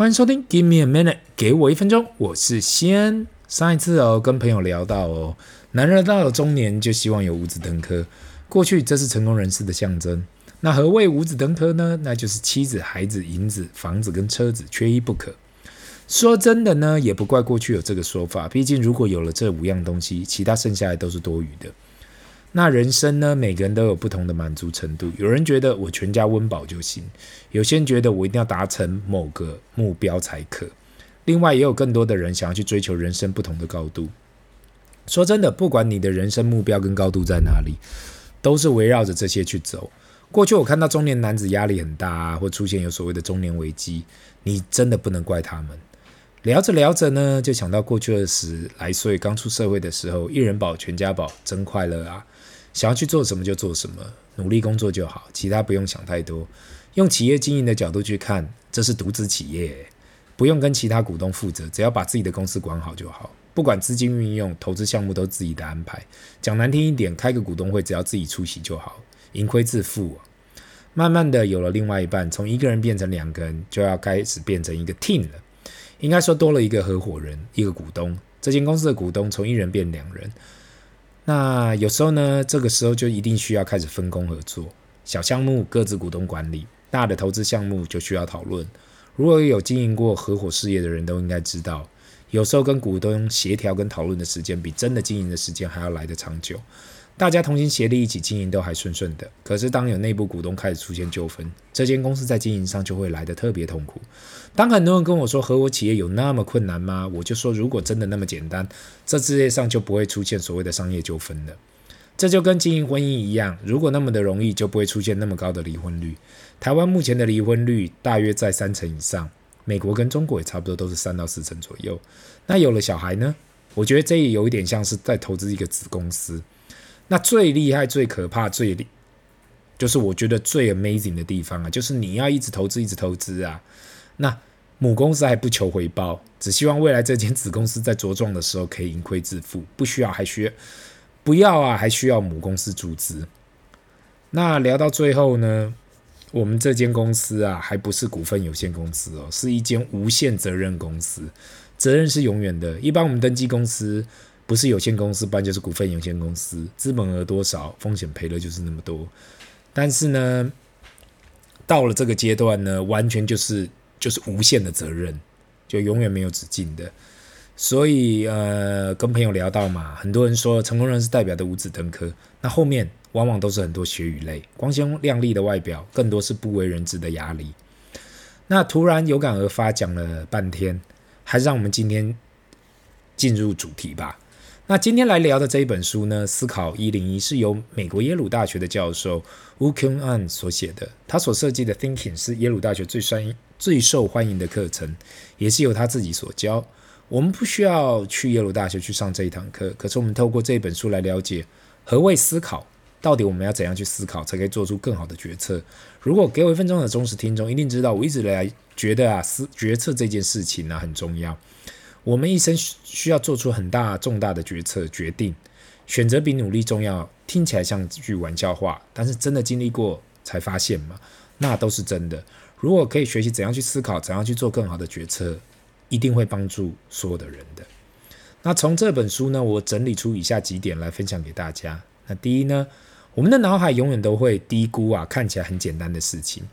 歡迎收聽 Give Me a Minute，給我一分鐘。我是西恩。上一次哦，跟朋友聊到哦，男人到了中年就希望有五子登科。過去這是成功人士的象徵。那何謂五子登科呢？那就是妻子、孩子、銀子、房子跟車子缺一不可。說真的呢，也不怪過去有這個說法。畢竟如果有了這五樣東西，其他剩下的都是多餘的。那人生呢？每個人都有不同的滿足程度。有人覺得我全家溫飽就行；有些人覺得我一定要達成某個目標才可。另外，也有更多的人想要去追求人生不同的高度。說真的，不管你的人生目標跟高度在哪裡，都是圍繞着這些去走。過去我看到中年男子壓力很大啊，或出現有所謂的中年危機，你真的不能怪他們。聊着聊着呢，就想到過去二十來歲剛出社會的時候，一人飽全家飽，真快樂啊！想要去做什麼就做什麼，努力工作就好，其他不用想太多。用企業經營的角度去看，這是獨資企業，不用跟其他股東負責，只要把自己的公司管好就好。不管資金運用、投資項目都自己的安排。講難聽一點，開個股東會只要自己出席就好，盈虧自負啊。慢慢的有了另外一半，從一個人變成兩個人，就要開始變成一個 team 了。應該說多了一個合夥人，一個股東。這間公司的股東從一人變兩人。那有時候呢，這個時候就一定需要開始分工合作，小項目各自股東管理，大的投資項目就需要討論。如果有經營過合夥事業的人，都應該知道，有時候跟股東協調跟討論的時間，比真的經營的時間還要來得長久。大家同心協力一起經營都還順順的，可是當有內部股東開始出現糾紛，這間公司在經營上就會來得特別痛苦。當很多人跟我說合夥企業有那麼困難嗎？我就說如果真的那麼簡單，這世界上就不會出現所謂的商業糾紛了。這就跟經營婚姻一樣，如果那麼的容易，就不會出現那麼高的離婚率。台灣目前的離婚率大約在三成以上，美國跟中國也差不多都是三到四成左右。那有了小孩呢？我覺得這也有一點像是在投資一個子公司。那最厲害、最可怕、最厲，就是我覺得最 amazing 的地方啊，就是你要一直投資、一直投資啊。那母公司還不求回報，只希望未來這間子公司在茁壯的時候可以盈虧自負，不需要，還需要不要啊？還需要母公司注資。那聊到最後呢，我們這間公司啊，還不是股份有限公司哦，是一間無限責任公司，責任是永遠的。一般我們登記公司。不是有限公司，不然就是股份有限公司，資本額多少，風險賠了就是那麼多。但是呢，到了這個階段呢，完全就是就是無限的責任，就永遠沒有止境的。所以呃，跟朋友聊到嘛，很多人說成功人士代表的五子登科，那後面往往都是很多血與淚。光鮮亮麗的外表，更多是不為人知的壓力。那突然有感而發，講了半天，還是讓我們今天進入主題吧。那今天來聊的這一本書呢，《思考101》是由美國耶魯大學的教授 Woo-Kyoung Ahn 所寫的。他所設計的 Thinking 是耶魯大學最受最受歡迎的課程，也是由他自己所教。我們不需要去耶魯大學去上這一堂課，可是我們透過這一本書來了解何謂思考，到底我們要怎樣去思考，才可以做出更好的決策。如果給我一分鐘的忠實聽眾，一定知道我一直以來覺得啊，思決策這件事情呢、啊、很重要。我們一生需要做出很大重大的決策決定，選擇比努力重要，聽起來像句玩笑話，但是真的經歷過才發現嘛，那都是真的。如果可以學習怎樣去思考，怎樣去做更好的決策，一定會幫助所有的人的。那從這本書呢，我整理出以下幾點來分享給大家。那第一呢，我們的腦海永遠都會低估啊，看起來很簡單的事情。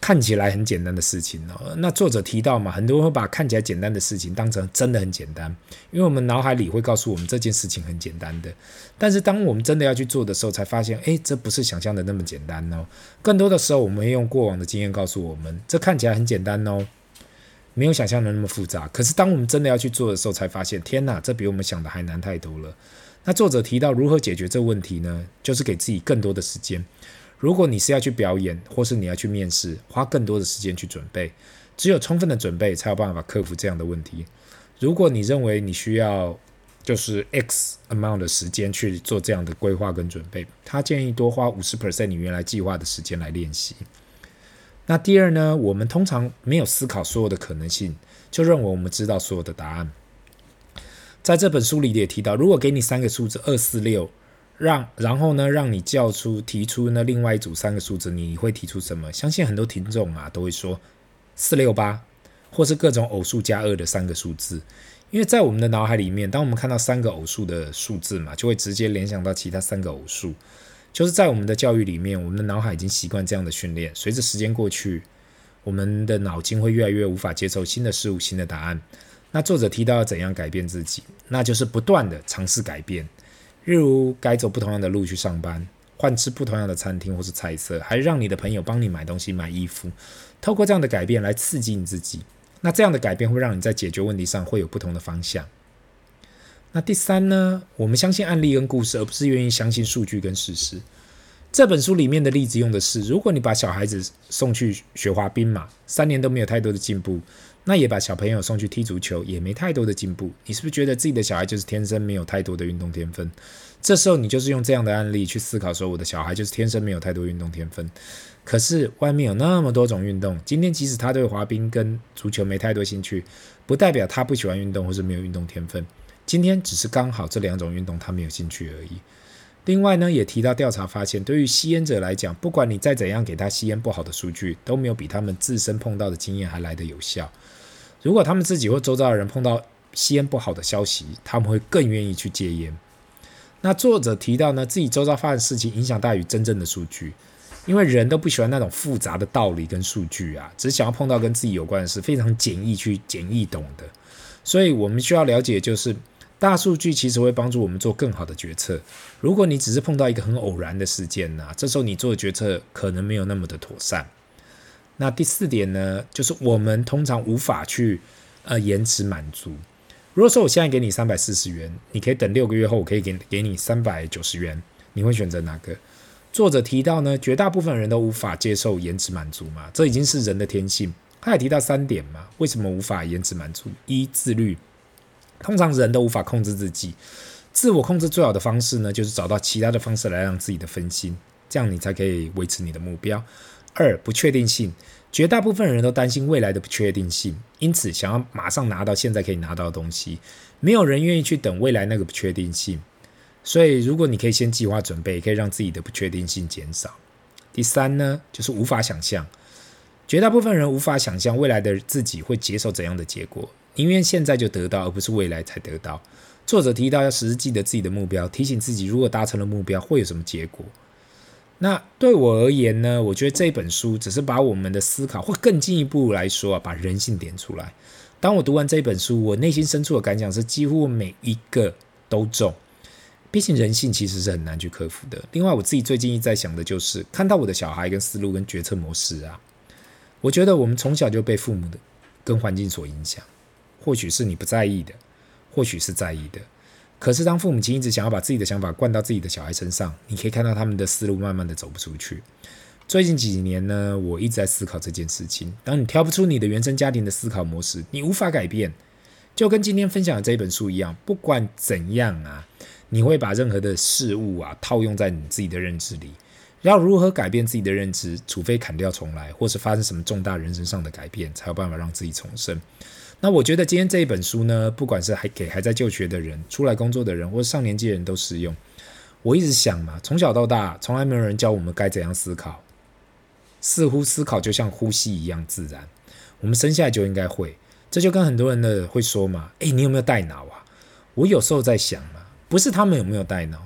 看起來很簡單的事情哦，那作者提到嘛，很多人會把看起來簡單的事情當成真的很簡單，因為我們腦海裡會告訴我們這件事情很簡單的，但是當我們真的要去做的時候，才發現，哎，這不是想象的那麼簡單哦。更多的時候，我們會用過往的經驗告訴我們，這看起來很簡單哦，沒有想象的那麼複雜。可是當我們真的要去做的時候，才發現，天哪，這比我們想的還難太多了。那作者提到如何解決這個問題呢？就是給自己更多的時間。如果你是要去表演，或是你要去面試，花更多的時間去準備，只有充分的準備，才有辦法克服這樣的問題。如果你認為你需要就是 X amount 的時間去做這樣的規劃跟準備，他建議多花五十 percent 你原來計劃的時間來練習。那第二呢，我們通常沒有思考所有的可能性，就認為我們知道所有的答案。在這本書裡也提到，如果給你三個數字二、四、六。讓，然後呢，讓你叫出提出那另外一組三個數字，你會提出什麼？相信很多聽眾啊都會說四六八，或是各種偶數加二的三個數字，因為在我們的腦海裡面，當我們看到三個偶數的數字嘛，就會直接聯想到其他三個偶數。就是在我們的教育裡面，我們的腦海已經習慣這樣的訓練。隨着時間過去，我們的腦筋會越來越無法接受新的事物、新的答案。那作者提到要怎樣改變自己，那就是不斷地嘗試改變。例如，改走不同樣的路去上班，換吃不同樣的餐廳或是菜色，還讓你的朋友幫你買東西、買衣服，透過這樣的改變來刺激你自己。那這樣的改變會讓你在解決問題上會有不同的方向。那第三呢？我們相信案例跟故事，而不是願意相信數據跟事實。這本書裡面的例子用的是：如果你把小孩子送去學滑冰嘛，三年都沒有太多的進步。那也把小朋友送去踢足球，也沒太多的進步。你是不是覺得自己的小孩就是天生沒有太多的運動天分？這時候你就是用這樣的案例去思考說，我的小孩就是天生沒有太多運動天分。可是外面有那麼多種運動，今天即使他對滑冰跟足球沒太多興趣，不代表他不喜歡運動或是沒有運動天分。今天只是剛好這兩種運動他沒有興趣而已。另外呢，也提到調查發現，對於吸煙者來講，不管你再怎樣給他吸煙不好的數據，都沒有比他們自身碰到的經驗還來得有效。如果他們自己或周遭的人碰到吸煙不好的消息，他們會更願意去戒煙。那作者提到呢，自己周遭發生事情影響大於真正的數據，因為人都不喜歡那種複雜的道理跟數據啊，只想要碰到跟自己有關的事，非常簡易去簡易懂的。所以我們需要了解就是。大數據其實會幫助我們做更好的決策。如果你只是碰到一個很偶然的事件那，啊，這時候你做的決策可能沒有那麼的妥善。那第四點呢，就是我們通常無法去呃延遲滿足。如果說我現在給你三百四十元，你可以等六個月後，我可以給給你三百九十元，你會選擇哪個？作者提到呢，絕大部分人都無法接受延遲滿足嘛，這已經是人的天性。他也提到三點嘛，為什麼無法延遲滿足？一自律。通常人都無法控制自己，自我控制最好的方式呢，就是找到其他的方式來讓自己的分心，這樣你才可以維持你的目標。二，不確定性，絕大部分人都擔心未來的不確定性，因此想要馬上拿到現在可以拿到的東西，沒有人願意去等未來那個不確定性。所以，如果你可以先計劃準備，可以讓自己的不確定性減少。第三呢，就是無法想象，絕大部分人無法想象未來的自己會接受怎樣的結果。寧願現在就得到，而不是未來才得到。作者提到要時時記得自己的目標，提醒自己如果達成了目標會有什麼結果。那對我而言呢？我覺得這本書只是把我們的思考，或更進一步來說啊，把人性點出來。當我讀完這本書，我內心深處的感想是幾乎每一個都中。畢竟人性其實是很難去克服的。另外，我自己最近一直在想的就是看到我的小孩跟思路跟決策模式啊，我覺得我們從小就被父母的跟環境所影響。或許是你不在意的，或許是在意的。可是當父母親一直想要把自己的想法灌到自己的小孩身上，你可以看到他們的思路慢慢的走不出去。最近幾年呢，我一直在思考這件事情。當你跳不出你的原生家庭的思考模式，你無法改變。就跟今天分享的這本書一樣，不管怎樣啊，你會把任何的事物啊套用在你自己的認知裡。要如何改變自己的認知？除非砍掉重來，或是發生什麼重大人生上的改變，才有辦法讓自己重生。那我覺得今天這一本書呢，不管是還給還在就學的人、出來工作的人，或是上年紀人都適用。我一直想嘛，從小到大，從來沒有人教我們該怎樣思考，似乎思考就像呼吸一樣自然，我們生下來就應該會。這就跟很多人的會說嘛，誒，你有沒有帶腦啊？我有時候在想嘛，不是他們有沒有帶腦，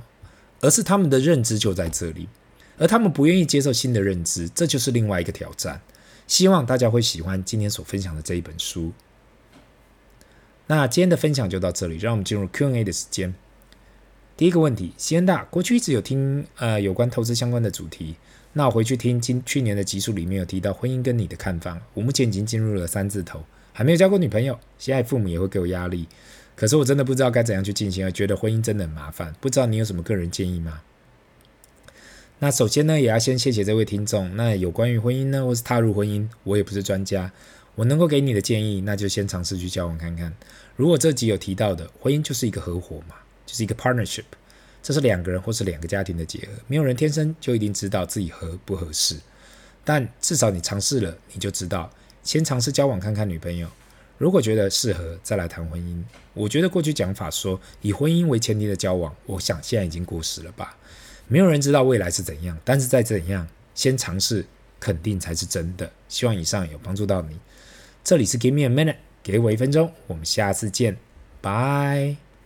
而是他們的認知就在這裡。而他們不願意接受新的認知，這就是另外一個挑戰。希望大家會喜歡今天所分享的這一本書。那今天的分享就到這裡，讓我們進入 Q&A 的時間。第一個問題：西恩大，過去一直有聽呃有關投資相關的主題。那我回去聽今去年的集數裡面有提到婚姻跟你的看法。我目前已經進入了三字頭，還沒有交過女朋友，現在父母也會給我壓力。可是我真的不知道該怎樣去進行，而覺得婚姻真的很麻煩。不知道你有什麼個人建議嗎？那首先呢，也要先謝謝這位聽眾。那有關於婚姻呢，或是踏入婚姻，我也不是專家，我能夠給你的建議，那就先嘗試去交往看看。如果這集有提到的，婚姻就是一個合夥嘛，就是一個 partnership，這是兩個人或是兩個家庭的結合。沒有人天生就一定知道自己合不合適，但至少你嘗試了，你就知道。先嘗試交往看看女朋友，如果覺得適合，再來談婚姻。我覺得過去講法說以婚姻為前提的交往，我想現在已經過時了吧。沒有人知道未來是怎樣，但是再怎樣先嘗試，肯定才是真的。希望以上有幫助到你。這裡是 Give me a minute，給我一分鐘。我們下次見，拜。